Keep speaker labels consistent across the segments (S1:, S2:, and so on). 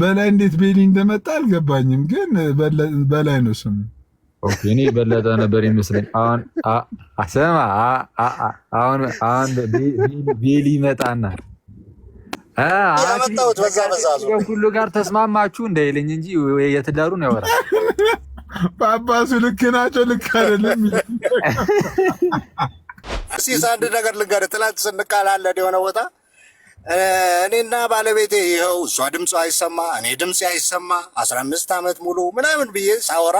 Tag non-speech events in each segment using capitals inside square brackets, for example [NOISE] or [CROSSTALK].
S1: በላይ እንዴት ቤሊ እንደመጣ አልገባኝም፣ ግን በላይ ነው ስሙ።
S2: እኔ በለጠ ነበር ይመስለኝ። አሁን ስማ አሁን አሁን ቤሊ ይመጣና ሁሉ ጋር ተስማማችሁ እንዳይለኝ እንጂ የትዳሩን
S1: ያወራል። ጳጳሱ ልክ ናቸው፣ ልክ አይደለም።
S3: ሲስ አንድ ነገር ልንገርህ፣ ትላንት ስንቃላለን የሆነ ቦታ እኔና ባለቤቴ ይኸው እሷ ድምፅ አይሰማ እኔ ድምፅ አይሰማ አስራ አምስት ዓመት ሙሉ ምናምን ብዬ ሳወራ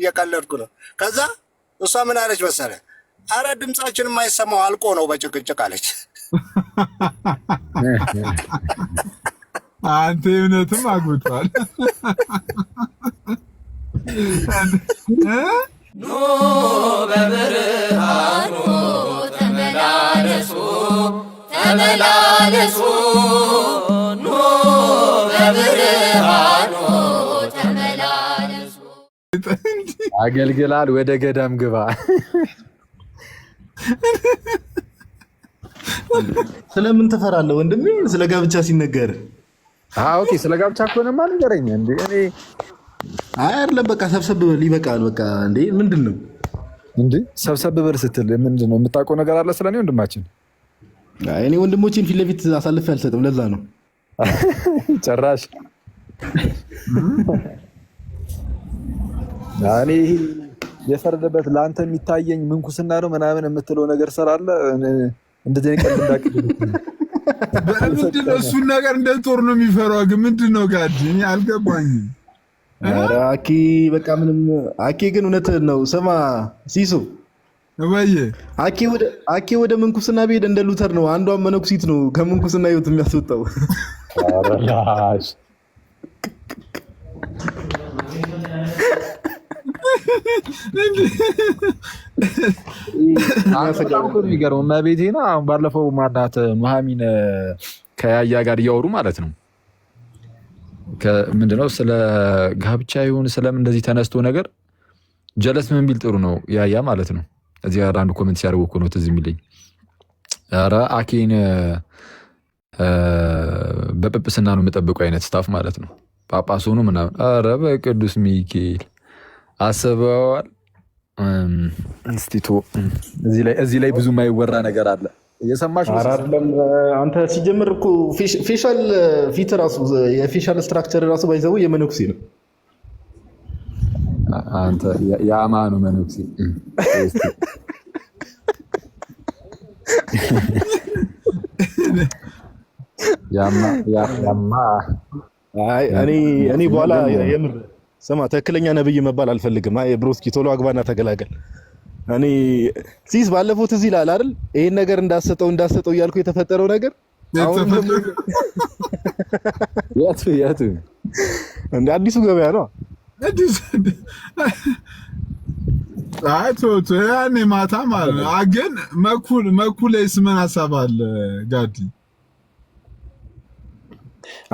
S3: እየቀለድኩ ነው። ከዛ እሷ ምን አለች መሰለ? አረ ድምፃችን የማይሰማው አልቆ ነው በጭቅጭቅ አለች።
S1: አንተ እምነትም አግብቷል።
S4: ኑ በብርሃኑ ተመላለሱ ተመላለሱ ኑ በብርሃኑ ተመላለሱ።
S2: አገልግላል ወደ ገዳም ግባ።
S1: ስለምን ትፈራለህ ወንድም? ስለ ጋብቻ ሲነገር
S2: ኦኬ፣ ስለ ጋብቻ ከሆነማ ንገረኝ እንዴ። እኔ
S1: አይደለም በቃ ሰብሰብ በል ይበቃል። በቃ እንዴ ምንድን ነው እንዴ
S2: ሰብሰብ በል ስትል ምንድን ነው? የምታውቀው ነገር አለ ስለኔ ወንድማችን
S1: እኔ ወንድሞቼን ፊት ለፊት አሳልፌ አልሰጥም። ለዛ ነው
S2: ጭራሽ እኔ የፈረደበት ለአንተ የሚታየኝ ምንኩስና ነው ምናምን የምትለው ነገር ስላለ እንደዚህ ቀልድ እንዳቅ
S1: በምንድነው እሱን ነገር እንደ ጦር ነው የሚፈራው። ግን ምንድን ነው ጋድ አልገባኝም።
S2: አኪ በቃ ምንም አኪ ግን እውነት ነው። ስማ ሲሱ አኬ ወደ ምንኩስና ብሄድ እንደ ሉተር ነው። አንዷን መነኩሲት ነው ከምንኩስና ህይወት የሚያስወጣው። የሚገርመው አሁን ባለፈው ማናት መሀሚን ከያያ ጋር እያወሩ ማለት ነው ምንድነው ስለ ጋብቻ ይሁን ስለምን እንደዚህ ተነስቶ ነገር ጀለስ ምን ቢል ጥሩ ነው ያያ ማለት ነው እዚህ ጋር አንድ ኮመንት ሲያደርጉ እኮ ነው ትዝ የሚለኝ። ኧረ አኬን በጵጵስና ነው የምጠብቁ አይነት ስታፍ ማለት ነው። ጳጳስ ሆኖ ምናምን። ኧረ በቅዱስ ሚካኤል አስበዋል። እስቲቶ እዚህ ላይ ብዙ የማይወራ ነገር አለ። እየሰማሽ
S1: አንተ ሲጀምር እኮ ፌሻል ፊት ራሱ የፌሻል ስትራክቸር ራሱ ባይዘቡ የመነኩሴ ነው።
S2: አንተ የአማኑ መነኩሴ [LAUGHS] እኔ በኋላ የምር ስማ፣ ትክክለኛ ነብይ መባል አልፈልግም። አይ ብሮስኪ ቶሎ አግባና ተገላገል። እኔ ሲስ ባለፈው ትዝ ይልሃል አይደል? ይሄን ነገር እንዳሰጠው እንዳሰጠው እያልኩ የተፈጠረው ነገር ያቱ [LAUGHS] ያቱ እንደ አዲሱ ገበያ ነው።
S1: ያኔ ማታ ማለት ነው። መኩል መኩ ላይስ ምን ሀሳብ አለ ጋዲ?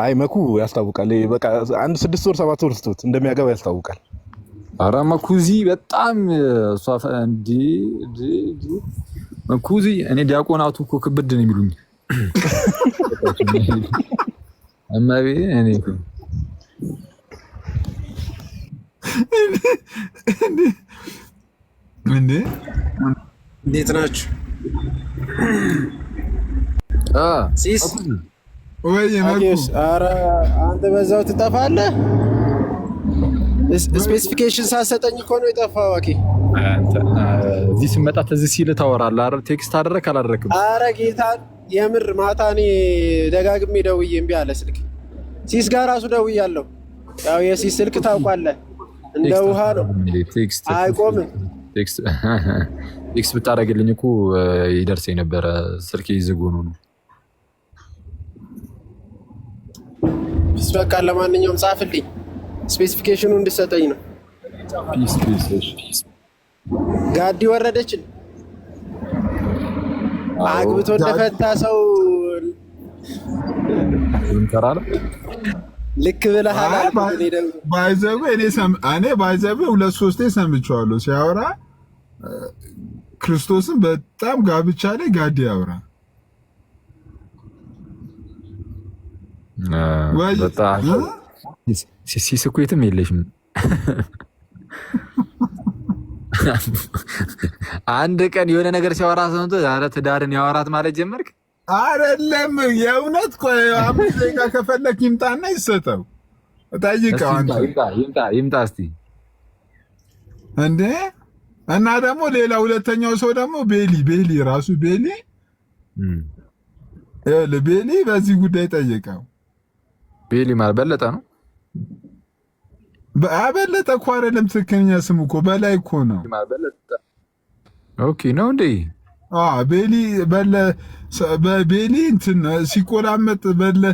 S2: አይ መኩ ያስታውቃል። በቃ አንድ ስድስት ወር ሰባት ወር ስትት እንደሚያገባ ያስታውቃል። አረ መኩዚ በጣም እንዲ መኩዚ እኔ ዲያቆናቱ እኮ ክብድ ነው የሚሉኝ እማቤ እኔ
S1: እንዴት
S2: ናችሁ?
S3: ሲስ ኧረ አንተ በዛው ትጠፋለህ። ስፔሲፊኬሽን ሳሰጠኝ እኮ ነው የጠፋህ። ዋኪ
S2: እዚህ ስመጣ ተዚህ ሲል ታወራለህ። ቴክስት አደረክ አላደረክም?
S3: የምር ማታ እኔ ደጋግሜ ደውዬ እምቢ አለ ስልክ። ሲስ ጋር ራሱ ደውዬ አለው። ያው የሲስ ስልክ ታውቋለህ፣ እንደ ውሃ ነው አይቆምም።
S2: [LAUGHS] ቴክስት ብታደርግልኝ እኮ ይደርስ የነበረ ስልክ ዝግ ሆኖ ነው።
S3: በቃ ለማንኛውም ጻፍልኝ፣ ስፔሲፊኬሽኑ እንድሰጠኝ ነው። ጋዲ ወረደችን አግብቶ እንደፈታ ሰው ልክ ብለሃል።
S1: ባይዘብ ሁለት ሶስቴ ሰምቼዋለሁ ሲያወራ ክርስቶስን በጣም ጋብቻ ላይ ጋዴ ያውራ
S2: ሲስኩትም የለሽም። አንድ ቀን የሆነ ነገር ሲያወራ ሰምቶ ኧረ ትዳርን ያወራት ማለት ጀመርክ።
S1: አይደለም የእውነት አምስት ደቂቃ ከፈለክ ይምጣና ይሰጠው፣ ጠይቀው። ስ እንዴ! እና ደግሞ ሌላ ሁለተኛው ሰው ደግሞ ቤሊ ቤሊ ራሱ ቤሊ ቤሊ በዚህ ጉዳይ ጠየቀው
S2: ቤሊ ማለት በለጠ ነው።
S1: አበለጠ እኮ አይደለም ትክክለኛ ስሙ እኮ በላይ እኮ ነው። ኦኬ ነው እንዴ ቤሊ በለ ቤሊ እንትን ሲቆላመጥ በለ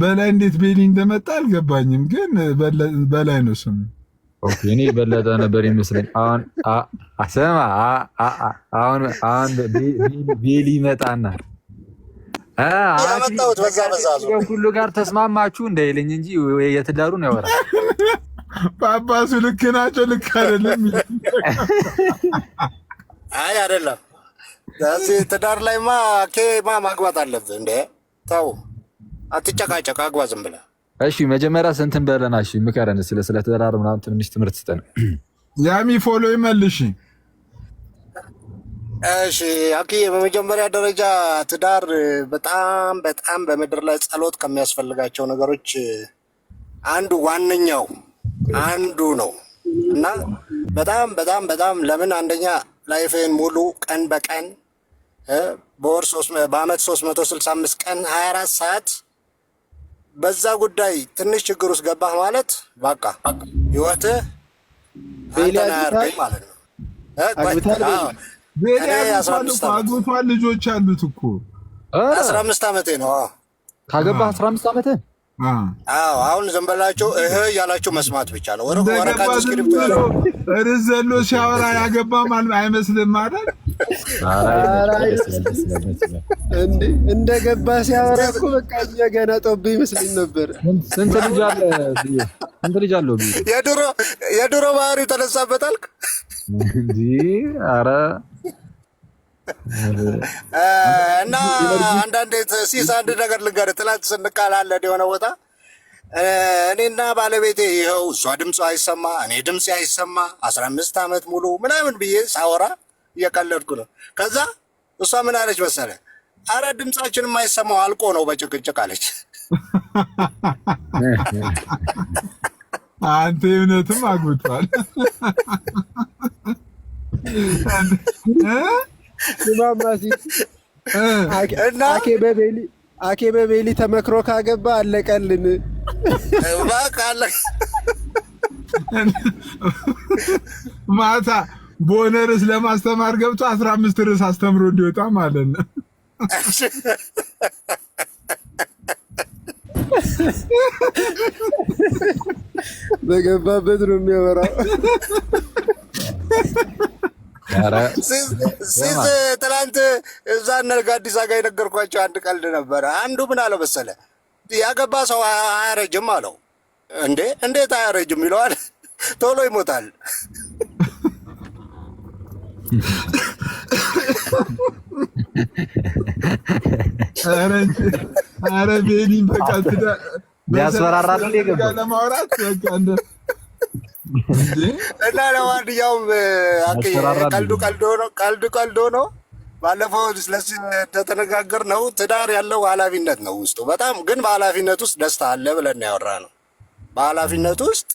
S1: በላይ እንዴት ቤሊ እንደመጣ አልገባኝም፣ ግን በላይ ነው ስሙ።
S2: እኔ በለጠ ነበር ይመስለኝ። አሁን አሰማ አሁን አሁን ቤሊ መጣና ሁሉ ጋር ተስማማችሁ እንዳይለኝ እንጂ የትዳሩን ያወራል።
S1: ጳጳሱ ልክ ናቸው፣ ልክ አይደለም።
S3: አይ አይደለም እዚህ ትዳር ላይማ ኬማ ማግባት አለብህ እንዴ! ተው አትጨቃጨቅ፣ አግባ ዝም ብለህ።
S2: እሺ መጀመሪያ ስንትን በለና፣ እሺ ምከረን፣ ስለ ስለ ትዳር ምናምን ትንሽ ትምህርት ስጠን።
S1: ያሚ ፎሎ ይመልሽ።
S3: እሺ አኪ፣ በመጀመሪያ ደረጃ ትዳር በጣም በጣም በምድር ላይ ጸሎት ከሚያስፈልጋቸው ነገሮች አንዱ ዋነኛው አንዱ ነው እና በጣም በጣም በጣም ለምን አንደኛ ላይፌን ሙሉ ቀን በቀን በወር በአመት 365 ቀን 24 ሰዓት በዛ ጉዳይ ትንሽ ችግር ውስጥ ገባህ ማለት በቃ ህይወትህ
S2: ማለት ነው።
S1: አግብቷል፣ ልጆች አሉት እኮ
S3: 15 ዓመቴ ነው
S2: ካገባህ 15 አምስት ዓመቴ
S3: አዎ አሁን ዝም በላችሁ እህ እያላቸው መስማት ብቻ ነው።
S1: ወረቀት እስክሪፕቶ ርዘሎ ዘሎ ሲያወራ ያገባ አይመስልም ማለት
S2: እንደ ገባ ሲያወራ እኮ በቃ ገና ጦብ ይመስልኝ ነበር። ስንት ልጅ አለው?
S3: የድሮ ባህሪው ተነሳበት አልክ። ኧረ እና አንዳንዴ ሲስ አንድ ነገር ልንገርህ። ትናንት ስንቃላለን የሆነ ቦታ እኔና ባለቤቴ ይኸው እሷ ድምፅ አይሰማ እኔ ድምፅ አይሰማ አስራ አምስት ዓመት ሙሉ ምናምን ብዬ ሳወራ እየቀለድኩ ነው። ከዛ እሷ ምን አለች መሰለ፣ አረ ድምፃችን የማይሰማው አልቆ ነው በጭቅጭቅ አለች።
S1: አንተ እምነትም አግብቷል።
S2: አኬ በቤሊ ተመክሮ ካገባ አለቀልን።
S1: ማታ በሆነ ርዕስ ለማስተማር ገብቶ አስራ አምስት ርዕስ አስተምሮ እንዲወጣ ማለት ነው።
S2: በገባበት ነው የሚያወራው።
S3: ሴት እዛ ነርጋ አዲስ አጋ የነገርኳቸው አንድ ቀልድ ነበረ። አንዱ ምን አለው መሰለ ያገባ ሰው አያረጅም አለው። እንዴ እንዴት አያረጅም ይለዋል። ቶሎ ይሞታል።
S1: አረ ቤኒ በቃ
S2: ያስፈራራል
S1: እና
S3: ለማንኛውም ቀልዱ ቀልዶ ነው። ቀልዱ ቀልዶ ነው። ነው። ትዳር ያለው ኃላፊነት ነው ውስጡ በጣም ግን በኃላፊነት ውስጥ ደስታ አለ ብለን ያወራ ነው። በኃላፊነት ውስጥ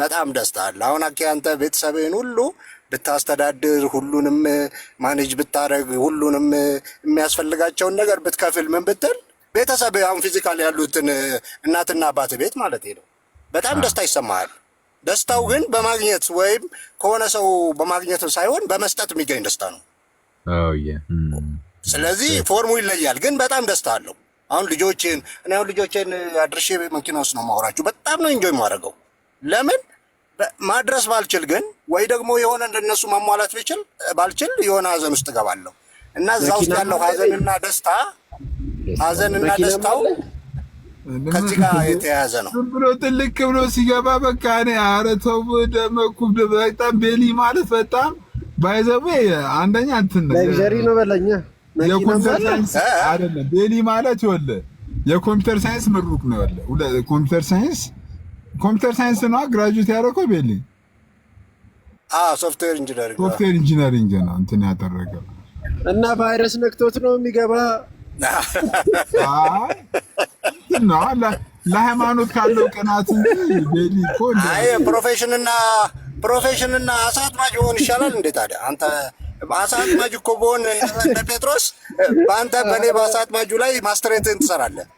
S3: በጣም ደስታ አለ። አሁን አኬ አንተ ቤተሰብህን ሁሉ ብታስተዳድር፣ ሁሉንም ማኔጅ ብታደረግ፣ ሁሉንም የሚያስፈልጋቸውን ነገር ብትከፍል፣ ምን ብትል ቤተሰብ አሁን ፊዚካል ያሉትን እናትና አባት ቤት ማለት ነው በጣም ደስታ ይሰማሃል። ደስታው ግን በማግኘት ወይም ከሆነ ሰው በማግኘት ሳይሆን በመስጠት የሚገኝ ደስታ ነው። ስለዚህ ፎርሙ ይለያል፣ ግን በጣም ደስታ አለው። አሁን ልጆችን እኔ አሁን ልጆችን አድርሼ መኪና ውስጥ ነው ማውራችሁ። በጣም ነው እንጆይ ማድረገው። ለምን ማድረስ ባልችል ግን ወይ ደግሞ የሆነ እንደነሱ ማሟላት ብችል ባልችል የሆነ ሀዘን ውስጥ እገባለሁ እና እዛ ውስጥ ያለው ሀዘንና ደስታ ሀዘንና ደስታው ከዚህ ጋር የተያያዘ ነው
S1: ብሎ ጥልቅ ብሎ ሲገባ በቃ እኔ ኧረ ተው ደመኩ። በጣም ቤሊ ማለት በጣም ባይዘቡ አንደኛ እንትን
S2: ለግሪ ነው በለኛ
S1: የኮምፒውተር ሳይንስ አይደለም ቤሊ ማለት ይወለ የኮምፒውተር ሳይንስ ምሩቅ ነው ያለ ኮምፒውተር ሳይንስ ኮምፒውተር ሳይንስ ነዋ ግራጁዌት ያደረገው ቤሊ
S3: ሶፍትዌር ኢንጂነሪንግ
S1: ሶፍትዌር ኢንጂነሪንግ ነው እንትን ያደረገው
S2: እና ቫይረስ ነክቶት ነው የሚገባ
S1: ለሃይማኖት ካለው ቅናት እንጂ
S3: ፕሮፌሽንና ፕሮፌሽንና አሳ አጥማጅ ሆን ይሻላል እንዴ ታዲያ አንተ አሳ አጥማጅ እኮ በሆን እንደ ጴጥሮስ በአንተ በእኔ በአሳ አጥማጁ ላይ ማስትሬትን ትሰራለህ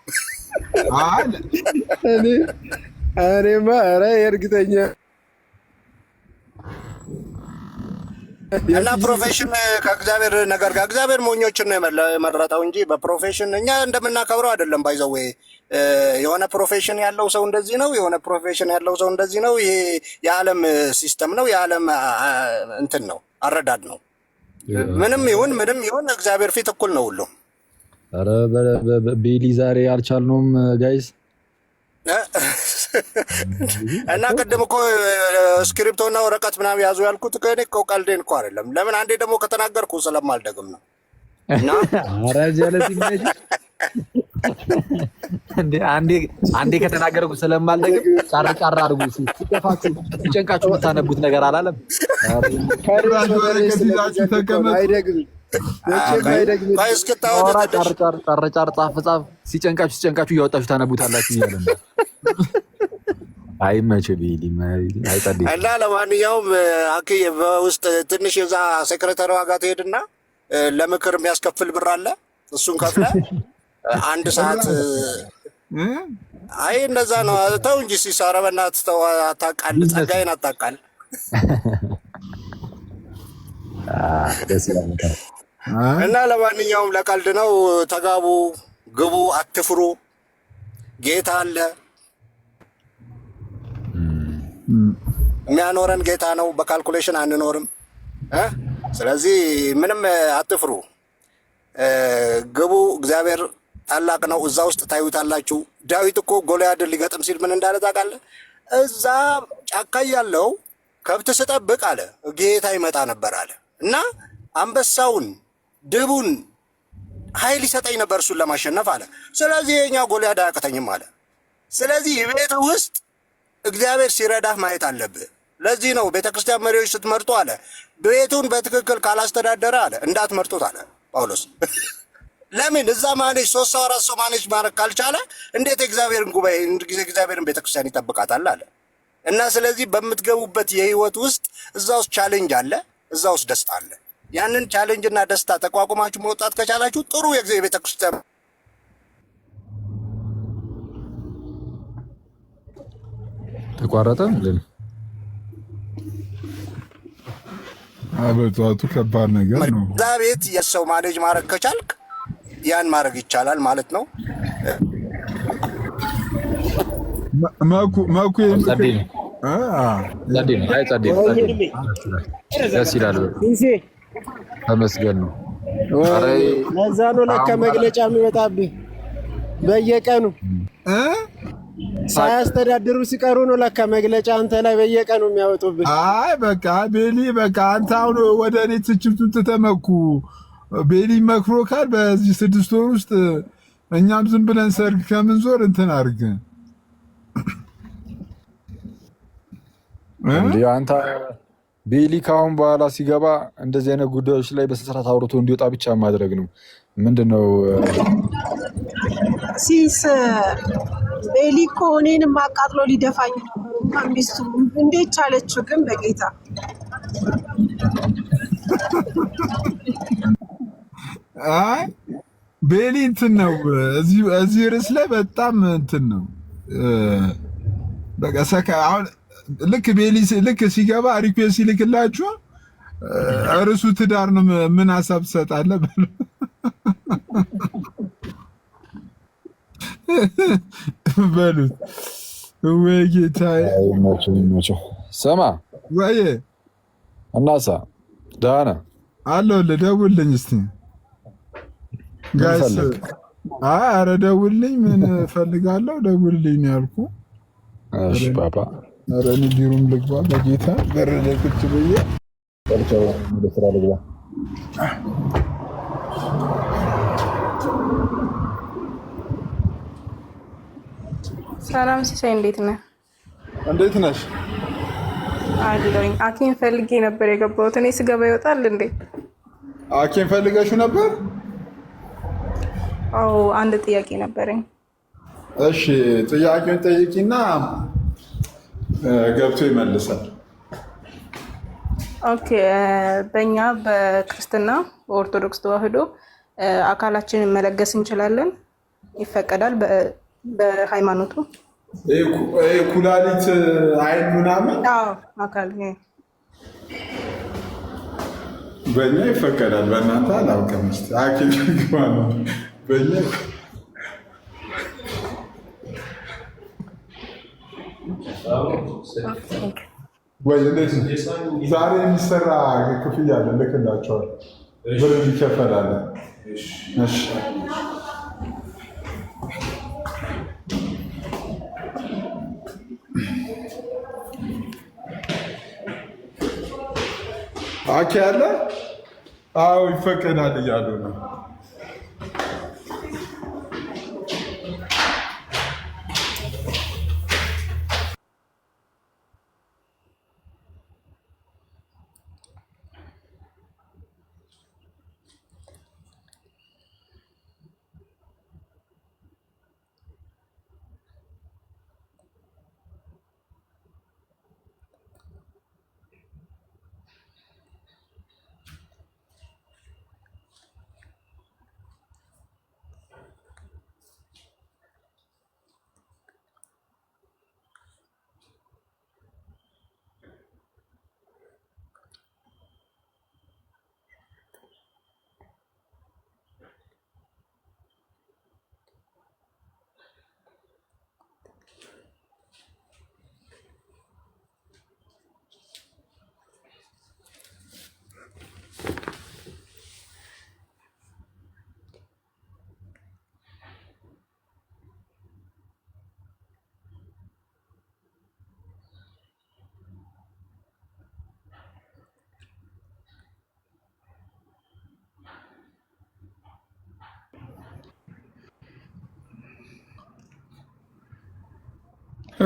S1: እኔማ ኧረ የእርግጠኛ
S3: እና ፕሮፌሽን ከእግዚአብሔር ነገር ጋር እግዚአብሔር ሞኞችን ነው የመረጠው እንጂ በፕሮፌሽን እኛ እንደምናከብረው አይደለም። ባይዘዌ የሆነ ፕሮፌሽን ያለው ሰው እንደዚህ ነው፣ የሆነ ፕሮፌሽን ያለው ሰው እንደዚህ ነው። ይሄ የዓለም ሲስተም ነው፣ የዓለም እንትን ነው፣ አረዳድ ነው። ምንም ይሁን ምንም ይሁን እግዚአብሔር ፊት እኩል ነው ሁሉም።
S2: ኧረ ቤሊ ዛሬ አልቻልነውም ጋይዝ
S3: እና ቅድም እኮ እስክሪፕቶና ወረቀት ምናምን ያዙ ያልኩት ከእኔ እኮ ቀልዴን እኮ አይደለም። ለምን አንዴ ደግሞ ከተናገርኩ ስለማልደግም ነው።
S2: አንዴ ከተናገርኩ ስለማልደግም ጫር ጫር አድርጉ። ሲጠፋችሁ የምታነቡት ነገር አላለም። ጫር
S3: ጫር ጻፍ ጻፍ፣
S2: ሲጨንቃችሁ ሲጨንቃችሁ እያወጣችሁ ታነቡታላችሁ እያለ ነው አይመች ብሄድም
S3: እና ለማንኛውም አኬ በውስጥ ትንሽ የዛ ሴክሬታሪ ዋጋ ትሄድና ለምክር የሚያስከፍል ብር አለ። እሱን ከፍለ አንድ ሰዓት አይ እንደዛ ነው። ተው እንጂ ሲሳረ በእናትህ ተው፣ አታቃል፣ ጸጋይን አታቃል። እና ለማንኛውም ለቀልድ ነው። ተጋቡ፣ ግቡ፣ አትፍሩ። ጌታ አለ የሚያኖረን ጌታ ነው። በካልኩሌሽን አንኖርም። ስለዚህ ምንም አትፍሩ፣ ግቡ። እግዚአብሔር ታላቅ ነው። እዛ ውስጥ ታዩታላችሁ። ዳዊት እኮ ጎልያድን ሊገጥም ሲል ምን እንዳለ ታውቃለህ? እዛ ጫካ ያለው ከብት ስጠብቅ አለ ጌታ ይመጣ ነበር አለ እና አንበሳውን፣ ድቡን ኃይል ይሰጠኝ ነበር እሱን ለማሸነፍ አለ። ስለዚህ የኛ ጎልያድ አያቅተኝም አለ። ስለዚህ ቤት ውስጥ እግዚአብሔር ሲረዳህ ማየት አለብህ። ለዚህ ነው ቤተክርስቲያን መሪዎች ስትመርጡ አለ ቤቱን በትክክል ካላስተዳደረ አለ እንዳትመርጡት አለ ጳውሎስ። [LAUGHS] ለምን እዛ ማኔጅ ሶስት ሰው አራት ሰው ማኔጅ ማድረግ ካልቻለ እንዴት እግዚአብሔርን ጉባኤ ጊዜ እግዚአብሔርን ቤተክርስቲያን ይጠብቃታል አለ እና ስለዚህ በምትገቡበት የህይወት ውስጥ እዛ ውስጥ ቻሌንጅ አለ፣ እዛ ውስጥ ደስታ አለ። ያንን ቻሌንጅ እና ደስታ ተቋቁማችሁ መውጣት ከቻላችሁ ጥሩ የጊዜ ቤተክርስቲያን
S2: ተቋረጠ።
S1: አበጣቱ ከባድ ነገር ነው።
S3: እዛ ቤት የሰው ማኔጅ ማድረግ ከቻልክ ያን ማድረግ ይቻላል ማለት ነው።
S1: መኩ
S2: ደስ ተመስገን ነው። ለዛ ነው ለካ መግለጫ የሚመጣብኝ በየቀኑ ሳያስተዳድሩ ሲቀሩ ነው ለካ መግለጫ አንተ ላይ በየቀኑ የሚያወጡብህ።
S1: አይ በቃ ቤሊ በቃ አንተ አሁን ወደ እኔ ትችብቱን ትተመኩ ቤሊ መክሮ ካል በዚህ ስድስት ወር ውስጥ እኛም ዝም ብለን ሰርግ ከምንዞር እንትን አርግ
S2: አንተ ቤሊ ከአሁን በኋላ ሲገባ እንደዚህ አይነት ጉዳዮች ላይ በስነ አውርቶ እንዲወጣ ብቻ ማድረግ ነው። ምንድን ነው
S4: ሲንስ ኤሊ እኮ እኔንም አቃጥሎ ሊደፋኝ ሚስቱ እንዴት ቻለችው ግን? በጌታ
S1: አይ ቤሊ እንትን ነው እዚህ ርዕስ ላይ በጣም እንትን ነው። በቃ ሰካ አሁን ልክ ቤሊ ልክ ሲገባ ሪኩዌስት ይልክላችሁ እርሱ ትዳር ነው። ምን ሀሳብ ትሰጣለህ? በሉት ወይ ጌታ
S2: ይመቸው። ስማ ወይ እናሳ ደህና
S1: አለሁልህ። ደውልልኝ እስቲ ጋይስ። አረ ደውልልኝ፣ ምን እፈልጋለሁ? ደውልልኝ ነው ያልኩህ። እሺ ባባ። አረ እኔ ቢሮም ልግባ በጌታ በረደ ቁጭ ብዬ
S2: ወደ ስራ ልግባ
S5: ሰላም ሲሳይ፣ እንዴት ነህ? እንዴት ነሽ? አለሁኝ። ሐኪም ፈልጌ ነበር የገባሁት። እኔ ስገባ ይወጣል እንዴ?
S1: አኪም ፈልገሽው ነበር?
S5: አዎ፣ አንድ ጥያቄ ነበረኝ።
S1: እሺ፣ ጥያቄውን ጠይቂና ገብቶ ይመልሳል።
S5: ኦኬ። በእኛ በክርስትና በኦርቶዶክስ ተዋህዶ አካላችንን መለገስ እንችላለን? ይፈቀዳል? በሃይማኖቱ
S1: ኩላሊት፣ አይን ምናምን አካል በእኛ ይፈቀዳል። በእናንተ አላውቅም። ስ አኪል ግባ ነው በእኛ ወይ ዛሬ የሚሰራ ክፍያ አለ። ልክላቸዋል ብር ይከፈላለ። አኪ ያለ አዎ ይፈቀዳል እያሉ ነው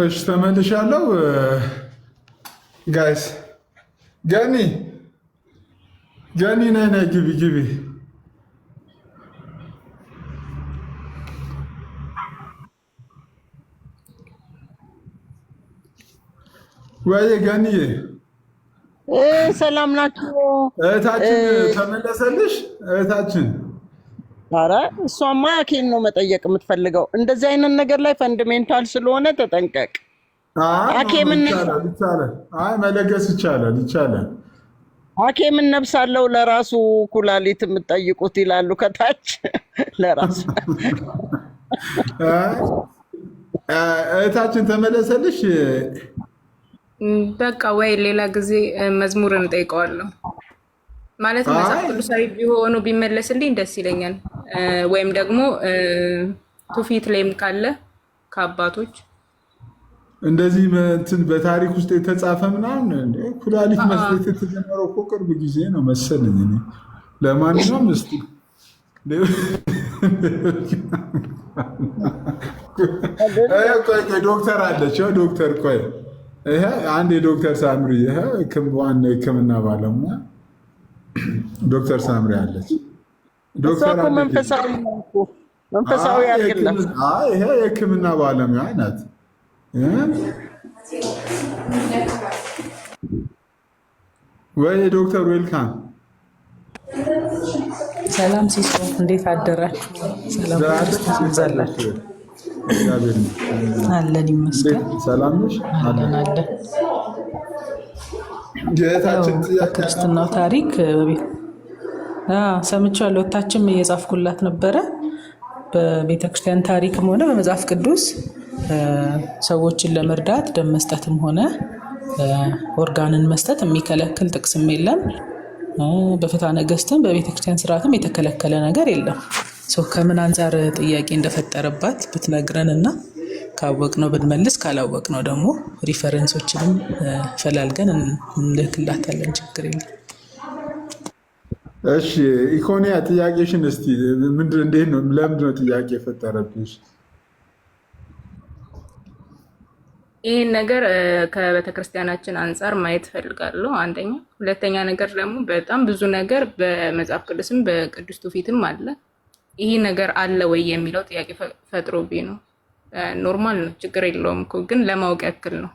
S1: እሺ ተመልሻለሁ። ጋይስ ገኒ ገኒ ነይ ነይ ግቢ ግቢ። ወይ ገኒዬ
S6: ሰላም ናችሁ?
S1: እህታችን ተመለሰልሽ እህታችን
S6: አረ እሷማ ኬን ነው መጠየቅ የምትፈልገው። እንደዚህ አይነት ነገር ላይ ፈንድሜንታል ስለሆነ ተጠንቀቅ።
S1: መለገስ ይቻላል ይቻላል።
S6: ሐኪምን ነብሳለው ለራሱ ኩላሊት የምትጠይቁት ይላሉ ከታች [LAUGHS] ለራሱ
S1: እህታችን ተመለሰልሽ።
S5: በቃ ወይ ሌላ ጊዜ መዝሙርን እጠይቀዋለሁ ማለት መጽሐፍ ቅዱሳዊ ቢሆኑ ቢመለስልኝ ደስ ይለኛል። ወይም ደግሞ ትውፊት ላይም ካለ ከአባቶች
S1: እንደዚህ እንትን በታሪክ ውስጥ የተጻፈ ምናምን ኩላሊት መስጠት የተጀመረው እኮ ቅርብ ጊዜ ነው መሰለኝ። ለማንኛውም እስኪ ዶክተር አለች ዶክተር ቆይ ይሄ አንድ የዶክተር ሳምሪ ይሄ ዋና ሕክምና ባለሙያ ዶክተር ሳምሪ አለች።
S5: ዶክተር መንፈሳዊ መንፈሳዊ አይደለም።
S1: ይሄ የሕክምና ባለሙያ ናት። ወይ ዶክተር ዌልካም
S7: ሰላም ሲሶ፣ እንዴት አደራችሁ? አለን ይመስገን። ሰላም ነሽ? አለን አለን። ክርስትናው ታሪክ ሰምቻለሁ። እታችም እየጻፍኩላት ነበረ። በቤተክርስቲያን ታሪክም ሆነ በመጽሐፍ ቅዱስ ሰዎችን ለመርዳት ደም መስጠትም ሆነ ኦርጋንን መስጠት የሚከለክል ጥቅስም የለም። በፍትሐ ነገሥትም በቤተክርስቲያን ስርዓትም የተከለከለ ነገር የለም። ሰው ከምን አንጻር ጥያቄ እንደፈጠረባት ብትነግረን እና ካወቅነው ብንመልስ፣ ካላወቅነው ደግሞ ሪፈረንሶችንም ፈላልገን እንልክላታለን። ችግር የለም።
S1: እሺ ኢኮንያ ጥያቄሽን እስቲ እንዴት ነው? ለምንድን ነው ጥያቄ የፈጠረብሽ?
S5: ይህን ነገር ከቤተክርስቲያናችን አንጻር ማየት ፈልጋለሁ። አንደኛ፣ ሁለተኛ ነገር ደግሞ በጣም ብዙ ነገር በመጽሐፍ ቅዱስም በቅዱስቱ ፊትም አለ። ይህ ነገር አለ ወይ የሚለው ጥያቄ ፈጥሮብኝ ነው። ኖርማል ነው፣ ችግር የለውም እኮ ግን ለማወቅ ያክል ነው።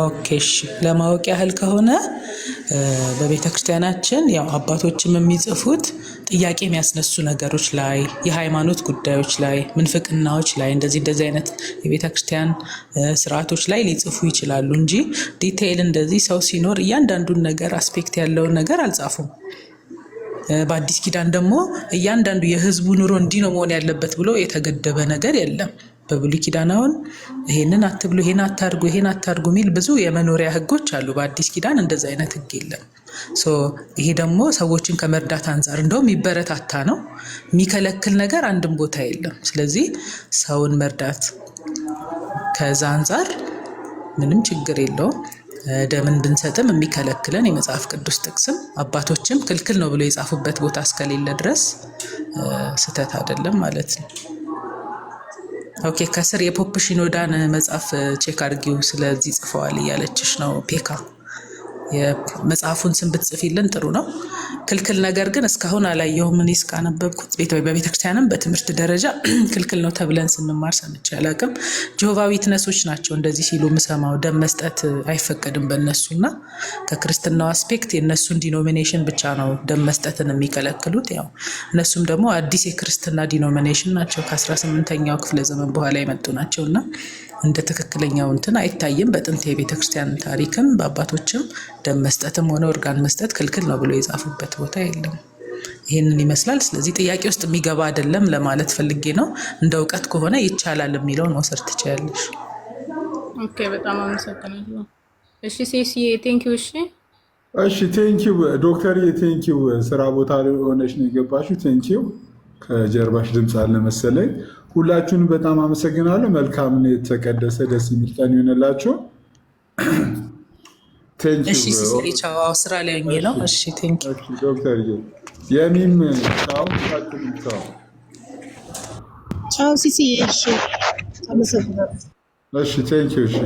S7: ኦኬ እሺ ለማወቅ ያህል ከሆነ በቤተክርስቲያናችን ያው አባቶችም የሚጽፉት ጥያቄ የሚያስነሱ ነገሮች ላይ የሃይማኖት ጉዳዮች ላይ ምንፍቅናዎች ላይ እንደዚህ እንደዚህ አይነት የቤተክርስቲያን ስርዓቶች ላይ ሊጽፉ ይችላሉ እንጂ ዲቴይል እንደዚህ ሰው ሲኖር እያንዳንዱን ነገር አስፔክት ያለውን ነገር አልጻፉም። በአዲስ ኪዳን ደግሞ እያንዳንዱ የህዝቡ ኑሮ እንዲህ ነው መሆን ያለበት ብሎ የተገደበ ነገር የለም። በብሉይ ኪዳን አሁን ይሄንን አትብሉ፣ ይሄን አታርጉ፣ ይሄን አታርጉ የሚል ብዙ የመኖሪያ ህጎች አሉ። በአዲስ ኪዳን እንደዚ አይነት ህግ የለም። ይሄ ደግሞ ሰዎችን ከመርዳት አንጻር እንደውም የሚበረታታ ነው። የሚከለክል ነገር አንድም ቦታ የለም። ስለዚህ ሰውን መርዳት ከዛ አንጻር ምንም ችግር የለውም። ደምን ብንሰጥም የሚከለክለን የመጽሐፍ ቅዱስ ጥቅስም አባቶችም ክልክል ነው ብሎ የጻፉበት ቦታ እስከሌለ ድረስ ስህተት አይደለም ማለት ነው። ኦኬ ከስር የፖፕ ሺኖዳን መጽሐፍ ቼክ አድርጊው ስለዚህ ጽፈዋል እያለችሽ ነው። ፔካ የመጽሐፉን ስም ብትጽፊልን ጥሩ ነው። ክልክል ነገር ግን እስካሁን አላየሁም። እኔ እስካነበብኩት በቤተክርስቲያንም በትምህርት ደረጃ [CLEARS THROAT] ክልክል ነው ተብለን ስንማር ሰምቼ አላውቅም። ጆሆቫ ዊትነሶች ናቸው እንደዚህ ሲሉ ምሰማው። ደም መስጠት አይፈቀድም በእነሱ እና ከክርስትናው አስፔክት የእነሱን ዲኖሚኔሽን ብቻ ነው ደም መስጠትን የሚከለክሉት። ያው እነሱም ደግሞ አዲስ የክርስትና ዲኖሚኔሽን ናቸው ከ18ኛው ክፍለ ዘመን በኋላ የመጡ ናቸው እና እንደ ትክክለኛው እንትን አይታይም። በጥንት የቤተክርስቲያን ታሪክም በአባቶችም ደም መስጠትም ሆነ ኦርጋን መስጠት ክልክል ነው ብሎ የጻፉበት ያለበት ቦታ የለም። ይህንን ይመስላል። ስለዚህ ጥያቄ ውስጥ የሚገባ አይደለም ለማለት ፈልጌ ነው። እንደ እውቀት ከሆነ ይቻላል የሚለውን መውሰድ ትችላለሽ።
S5: ኦኬ፣ በጣም አመሰግናለሁ። እሺ ሴሲዬ ቴንኪው። እሺ
S1: እሺ፣ ቴንኪው ዶክተርዬ፣ ቴንኪው። ስራ ቦታ ሆነሽ ነው የገባሽው። ቴንኪው። ከጀርባሽ ድምፅ አለ መሰለኝ። ሁላችሁንም በጣም አመሰግናለሁ። መልካም የተቀደሰ ደስ የሚል ቀን ይሆንላችሁ። እሺ
S7: ቻው፣ ስራ ላይ ሆኜ ነው። እሺ ቴንኪ
S1: ዶክተር የሚም ቻው፣ ቻው፣
S7: ቻው ሲሲ። እሺ ተመሰግናለሁ።
S1: እሺ ቴንኪ። እሺ